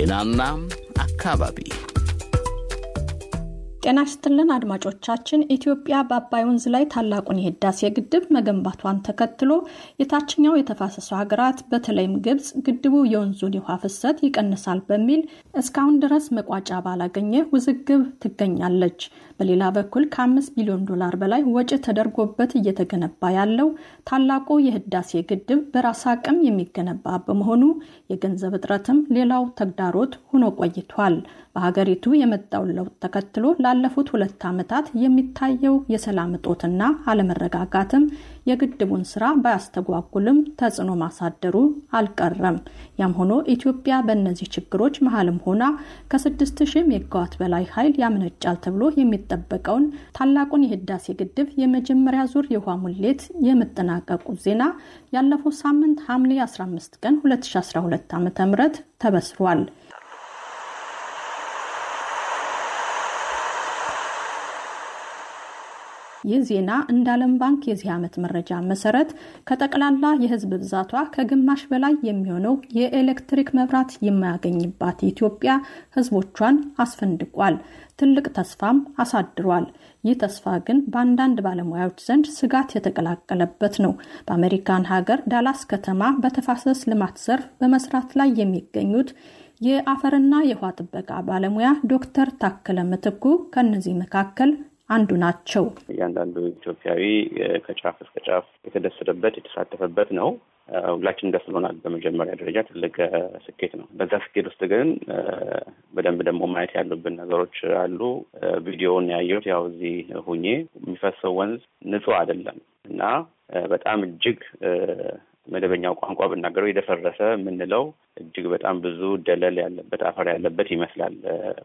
ጤናና አካባቢ ጤና ይስጥልን አድማጮቻችን። ኢትዮጵያ በአባይ ወንዝ ላይ ታላቁን የህዳሴ ግድብ መገንባቷን ተከትሎ የታችኛው የተፋሰሱ ሀገራት በተለይም ግብጽ ግድቡ የወንዙን የውሃ ፍሰት ይቀንሳል በሚል እስካሁን ድረስ መቋጫ ባላገኘ ውዝግብ ትገኛለች። በሌላ በኩል ከአምስት ቢሊዮን ዶላር በላይ ወጪ ተደርጎበት እየተገነባ ያለው ታላቁ የህዳሴ ግድብ በራስ አቅም የሚገነባ በመሆኑ የገንዘብ እጥረትም ሌላው ተግዳሮት ሆኖ ቆይቷል። በሀገሪቱ የመጣውን ለውጥ ተከትሎ ባለፉት ሁለት ዓመታት የሚታየው የሰላም እጦትና አለመረጋጋትም የግድቡን ስራ ባያስተጓጉልም ተጽዕኖ ማሳደሩ አልቀረም። ያም ሆኖ ኢትዮጵያ በእነዚህ ችግሮች መሀልም ሆና ከ6000 ሜጋዋት በላይ ኃይል ያመነጫል ተብሎ የሚጠበቀውን ታላቁን የህዳሴ ግድብ የመጀመሪያ ዙር የውሃ ሙሌት የመጠናቀቁ ዜና ያለፈው ሳምንት ሐምሌ 15 ቀን 2012 ዓ ም ተበስሯል። ይህ ዜና እንደ ዓለም ባንክ የዚህ ዓመት መረጃ መሰረት ከጠቅላላ የህዝብ ብዛቷ ከግማሽ በላይ የሚሆነው የኤሌክትሪክ መብራት የማያገኝባት ኢትዮጵያ ህዝቦቿን አስፈንድቋል። ትልቅ ተስፋም አሳድሯል። ይህ ተስፋ ግን በአንዳንድ ባለሙያዎች ዘንድ ስጋት የተቀላቀለበት ነው። በአሜሪካን ሀገር ዳላስ ከተማ በተፋሰስ ልማት ዘርፍ በመስራት ላይ የሚገኙት የአፈርና የውሃ ጥበቃ ባለሙያ ዶክተር ታከለ ምትኩ ከእነዚህ መካከል አንዱ ናቸው። እያንዳንዱ ኢትዮጵያዊ ከጫፍ እስከ ጫፍ የተደሰተበት የተሳተፈበት ነው። ሁላችን ደስሎናል። በመጀመሪያ ደረጃ ትልቅ ስኬት ነው። በዛ ስኬት ውስጥ ግን በደንብ ደግሞ ማየት ያሉብን ነገሮች አሉ። ቪዲዮውን ያየሁት ያው እዚህ ሁኜ የሚፈሰው ወንዝ ንጹህ አይደለም እና በጣም እጅግ መደበኛው ቋንቋ ብናገረው የደፈረሰ የምንለው እጅግ በጣም ብዙ ደለል ያለበት አፈር ያለበት ይመስላል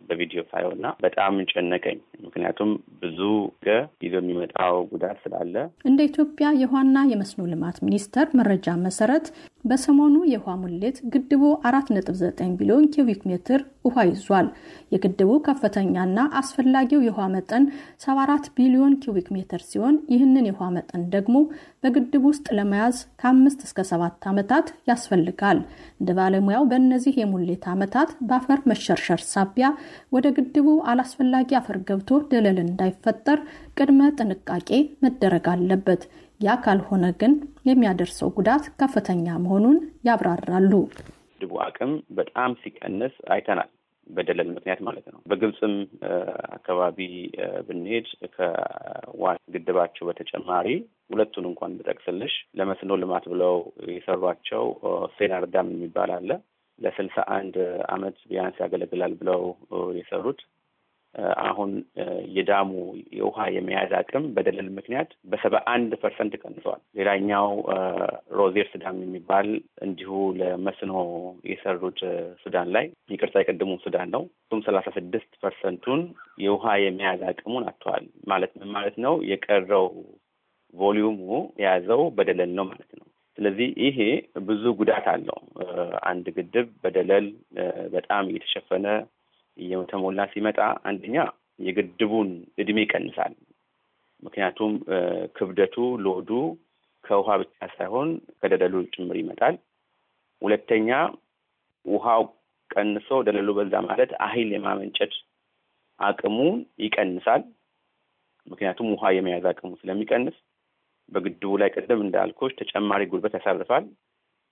በቪዲዮ ሳየው እና በጣም ጨነቀኝ። ምክንያቱም ብዙ ገ ይዞ የሚመጣው ጉዳት ስላለ። እንደ ኢትዮጵያ የውሃና የመስኖ ልማት ሚኒስቴር መረጃ መሰረት በሰሞኑ የውሃ ሙሌት ግድቡ አራት ነጥብ ዘጠኝ ቢሊዮን ኪዩቢክ ሜትር ውሃ ይዟል። የግድቡ ከፍተኛና አስፈላጊው የውሃ መጠን 74 ቢሊዮን ኪዩቢክ ሜትር ሲሆን ይህንን የውሃ መጠን ደግሞ በግድቡ ውስጥ ለመያዝ ከአምስት እስከ ሰባት ዓመታት ያስፈልጋል እንደ ባለሙያው በእነዚህ የሙሌት ዓመታት በአፈር መሸርሸር ሳቢያ ወደ ግድቡ አላስፈላጊ አፈር ገብቶ ደለል እንዳይፈጠር ቅድመ ጥንቃቄ መደረግ አለበት። ያ ካልሆነ ግን የሚያደርሰው ጉዳት ከፍተኛ መሆኑን ያብራራሉ። ግድቡ አቅም በጣም ሲቀንስ አይተናል። በደለል ምክንያት ማለት ነው። በግብፅም አካባቢ ብንሄድ ከዋና ግድባቸው በተጨማሪ ሁለቱን እንኳን ብጠቅስልሽ ለመስኖ ልማት ብለው የሰሯቸው ሴናር ዳም የሚባል አለ ለስልሳ አንድ አመት ቢያንስ ያገለግላል ብለው የሰሩት አሁን የዳሙ የውሃ የመያዝ አቅም በደለል ምክንያት በሰባ አንድ ፐርሰንት ቀንሷል። ሌላኛው ሮዜር ሱዳን የሚባል እንዲሁ ለመስኖ የሰሩት ሱዳን ላይ ይቅርታ የቀድሞ ሱዳን ነው። እሱም ሰላሳ ስድስት ፐርሰንቱን የውሃ የመያዝ አቅሙን አጥተዋል። ማለት ምን ማለት ነው? የቀረው ቮሊዩሙ የያዘው በደለል ነው ማለት ነው። ስለዚህ ይሄ ብዙ ጉዳት አለው። አንድ ግድብ በደለል በጣም እየተሸፈነ እየተሞላ ሲመጣ አንደኛ የግድቡን እድሜ ይቀንሳል። ምክንያቱም ክብደቱ ሎዱ ከውሃ ብቻ ሳይሆን ከደለሉ ጭምር ይመጣል። ሁለተኛ ውሃው ቀንሶ ደለሉ በዛ ማለት ኃይል የማመንጨት አቅሙ ይቀንሳል። ምክንያቱም ውሃ የመያዝ አቅሙ ስለሚቀንስ በግድቡ ላይ ቀደም እንዳልኮች ተጨማሪ ጉልበት ያሳርፋል።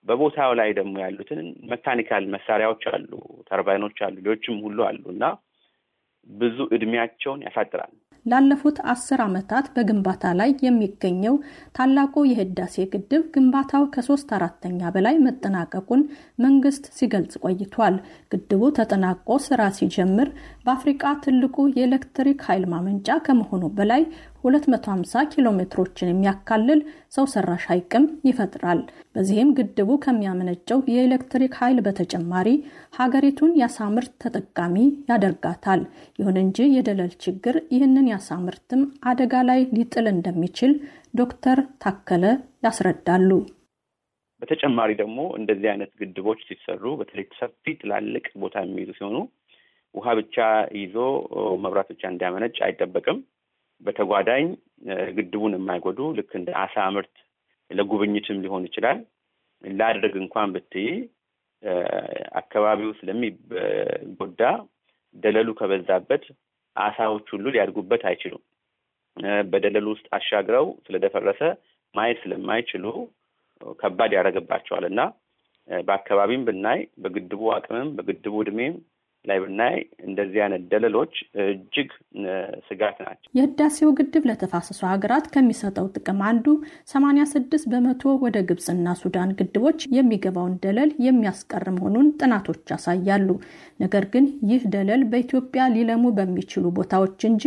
በቦታው ላይ ደግሞ ያሉትን መካኒካል መሳሪያዎች አሉ፣ ተርባይኖች አሉ፣ ሌሎችም ሁሉ አሉ እና ብዙ እድሜያቸውን ያሳጥራል። ላለፉት አስር ዓመታት በግንባታ ላይ የሚገኘው ታላቁ የህዳሴ ግድብ ግንባታው ከሶስት አራተኛ በላይ መጠናቀቁን መንግስት ሲገልጽ ቆይቷል። ግድቡ ተጠናቆ ስራ ሲጀምር በአፍሪቃ ትልቁ የኤሌክትሪክ ኃይል ማመንጫ ከመሆኑ በላይ 250 ኪሎ ሜትሮችን የሚያካልል ሰው ሰራሽ ሐይቅም ይፈጥራል። በዚህም ግድቡ ከሚያመነጨው የኤሌክትሪክ ኃይል በተጨማሪ ሀገሪቱን የአሳ ምርት ተጠቃሚ ያደርጋታል። ይሁን እንጂ የደለል ችግር ይህንን ይህንን የአሳ ምርትም አደጋ ላይ ሊጥል እንደሚችል ዶክተር ታከለ ያስረዳሉ። በተጨማሪ ደግሞ እንደዚህ አይነት ግድቦች ሲሰሩ በተለይ ሰፊ ትላልቅ ቦታ የሚይዙ ሲሆኑ ውሃ ብቻ ይዞ መብራት ብቻ እንዲያመነጭ አይጠበቅም። በተጓዳኝ ግድቡን የማይጎዱ ልክ እንደ አሳ ምርት ለጉብኝትም ሊሆን ይችላል ላድርግ እንኳን ብትይ አካባቢው ስለሚጎዳ ደለሉ ከበዛበት አሳዎች ሁሉ ሊያድጉበት አይችሉም። በደለል ውስጥ አሻግረው ስለደፈረሰ ማየት ስለማይችሉ ከባድ ያደረግባቸዋል እና በአካባቢም ብናይ በግድቡ አቅምም በግድቡ እድሜም ላይ ብናይ እንደዚህ አይነት ደለሎች እጅግ ስጋት ናቸው። የህዳሴው ግድብ ለተፋሰሱ ሀገራት ከሚሰጠው ጥቅም አንዱ 86 በመቶ ወደ ግብፅና ሱዳን ግድቦች የሚገባውን ደለል የሚያስቀር መሆኑን ጥናቶች ያሳያሉ። ነገር ግን ይህ ደለል በኢትዮጵያ ሊለሙ በሚችሉ ቦታዎች እንጂ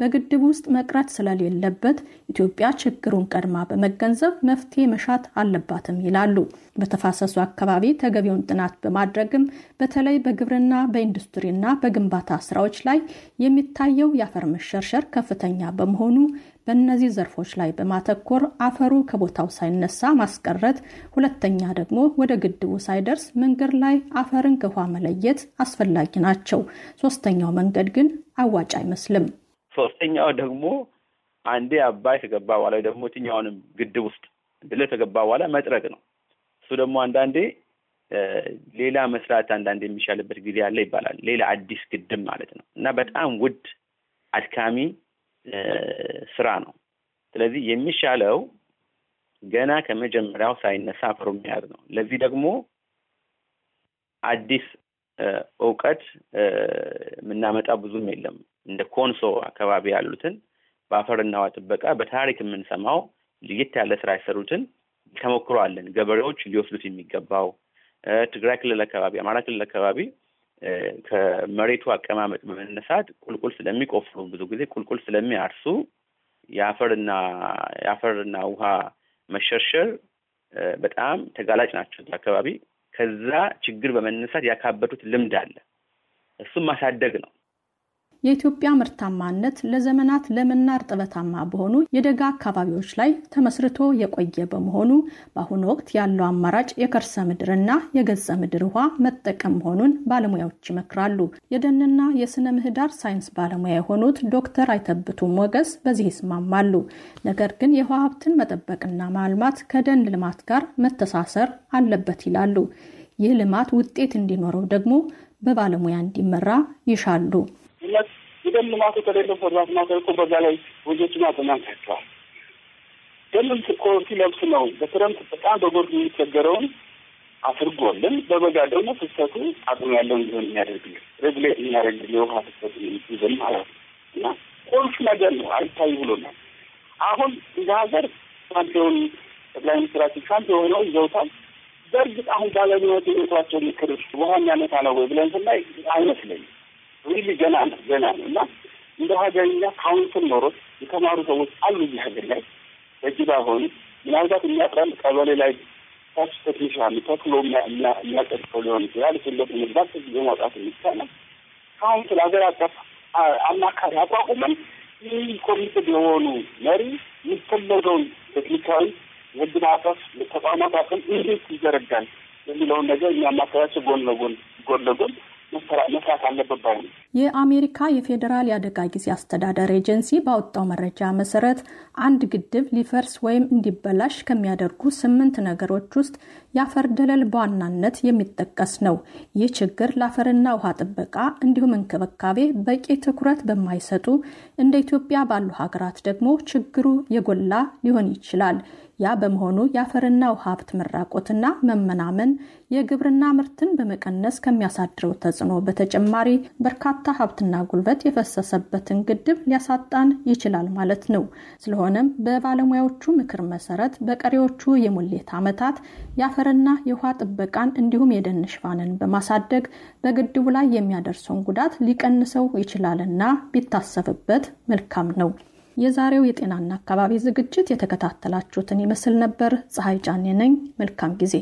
በግድብ ውስጥ መቅረት ስለሌለበት ኢትዮጵያ ችግሩን ቀድማ በመገንዘብ መፍትሄ መሻት አለባትም ይላሉ። በተፋሰሱ አካባቢ ተገቢውን ጥናት በማድረግም በተለይ በግብርና በኢንዱስትሪና በግንባታ ስራዎች ላይ የሚታየው የአፈር መሸርሸር ከፍተኛ በመሆኑ በእነዚህ ዘርፎች ላይ በማተኮር አፈሩ ከቦታው ሳይነሳ ማስቀረት፣ ሁለተኛ ደግሞ ወደ ግድቡ ሳይደርስ መንገድ ላይ አፈርን ከውሃ መለየት አስፈላጊ ናቸው። ሶስተኛው መንገድ ግን አዋጭ አይመስልም። ሶስተኛው ደግሞ አንዴ አባይ ከገባ በኋላ ወይ ደግሞ የትኛውንም ግድብ ውስጥ ድለ ከገባ በኋላ መጥረግ ነው። እሱ ደግሞ አንዳንዴ ሌላ መስራት አንዳንዴ የሚሻልበት ጊዜ አለ ይባላል። ሌላ አዲስ ግድብ ማለት ነው እና በጣም ውድ አድካሚ ስራ ነው። ስለዚህ የሚሻለው ገና ከመጀመሪያው ሳይነሳ አፈሩ መያዝ ነው። ለዚህ ደግሞ አዲስ እውቀት የምናመጣ ብዙም የለም። እንደ ኮንሶ አካባቢ ያሉትን በአፈርና ውሃ ጥበቃ በታሪክ የምንሰማው ለየት ያለ ስራ የሰሩትን ተሞክሮ አለን። ገበሬዎች ሊወስዱት የሚገባው ትግራይ ክልል አካባቢ፣ አማራ ክልል አካባቢ ከመሬቱ አቀማመጥ በመነሳት ቁልቁል ስለሚቆፍሩ ብዙ ጊዜ ቁልቁል ስለሚያርሱ የአፈርና የአፈርና ውሃ መሸርሸር በጣም ተጋላጭ ናቸው እዛ አካባቢ። ከዛ ችግር በመነሳት ያካበቱት ልምድ አለ። እሱም ማሳደግ ነው። የኢትዮጵያ ምርታማነት ለዘመናት ለምና እርጥበታማ በሆኑ የደጋ አካባቢዎች ላይ ተመስርቶ የቆየ በመሆኑ በአሁኑ ወቅት ያለው አማራጭ የከርሰ ምድርና የገጸ ምድር ውሃ መጠቀም መሆኑን ባለሙያዎች ይመክራሉ። የደንና የስነ ምህዳር ሳይንስ ባለሙያ የሆኑት ዶክተር አይተብቱ ሞገስ በዚህ ይስማማሉ። ነገር ግን የውሃ ሀብትን መጠበቅና ማልማት ከደን ልማት ጋር መተሳሰር አለበት ይላሉ። ይህ ልማት ውጤት እንዲኖረው ደግሞ በባለሙያ እንዲመራ ይሻሉ። የደም ልማቱ ከሌለ ፎቶግራፍ ማሰር እኮ በዛ ላይ ወንጆችን አጠናንታቸዋል። ደም እኮ ሲለብስ ነው በክረምት በጣም በጎርፍ የሚቸገረውን አስርጎልን በበጋ ደግሞ ፍሰቱ አቅም ያለው ሊሆን የሚያደርግልን ሬጉሌት የሚያደርግ የውሃ ፍሰቱ ይዘን ማለት ነው እና ቁልፍ ነገር ነው። አይታይ ብሎናል። አሁን እንደ ሀገር ሻምፒዮን ጠቅላይ ሚኒስትራችን ሻምፒዮን ሆነው ይዘውታል። በእርግጥ አሁን ባለሙያቱ የቤቷቸው ምክር በዋናነት አለው ወይ ብለን ስናይ አይመስለኝም። ሪሊ ገና ነው ገና ነው እና እንደ ሀገርኛ ካውንስል ኖሮ የተማሩ ሰዎች አሉ እዚህ ሀገር ላይ በእጅ ባይሆኑ ምናልባት የሚያጥራል ቀበሌ ላይ ታች ቴክኒሻን ተክሎ የሚያጠቅሰው ሊሆን ይችላል። ስለት ምግባት ጊዜ ማውጣት የሚቻላል። ካውንስል ሀገር አቀፍ አማካሪ አቋቁመን ይህ ኮሚቴ የሆኑ መሪ የሚፈለገውን ቴክኒካዊ ህግ ማዕቀፍ ተቋማት አቅም እንዴት ይዘረጋል የሚለውን ነገር የሚያማከራቸው ጎን ለጎን ጎን ለጎን መስራት አለበት ባይ ነው። የአሜሪካ የፌዴራል የአደጋ ጊዜ አስተዳደር ኤጀንሲ ባወጣው መረጃ መሰረት አንድ ግድብ ሊፈርስ ወይም እንዲበላሽ ከሚያደርጉ ስምንት ነገሮች ውስጥ የአፈር ደለል በዋናነት የሚጠቀስ ነው። ይህ ችግር ለአፈርና ውሃ ጥበቃ እንዲሁም እንክብካቤ በቂ ትኩረት በማይሰጡ እንደ ኢትዮጵያ ባሉ ሀገራት ደግሞ ችግሩ የጎላ ሊሆን ይችላል። ያ በመሆኑ የአፈርና ውሃ ሀብት መራቆትና መመናመን የግብርና ምርትን በመቀነስ ከሚያሳድረው ተጽዕኖ በተጨማሪ በርካታ በርካታ ሀብትና ጉልበት የፈሰሰበትን ግድብ ሊያሳጣን ይችላል ማለት ነው። ስለሆነም በባለሙያዎቹ ምክር መሰረት በቀሪዎቹ የሙሌት ዓመታት የአፈርና የውሃ ጥበቃን እንዲሁም የደን ሽፋንን በማሳደግ በግድቡ ላይ የሚያደርሰውን ጉዳት ሊቀንሰው ይችላልና ቢታሰብበት መልካም ነው። የዛሬው የጤናና አካባቢ ዝግጅት የተከታተላችሁትን ይመስል ነበር። ፀሐይ ጫኔ ነኝ። መልካም ጊዜ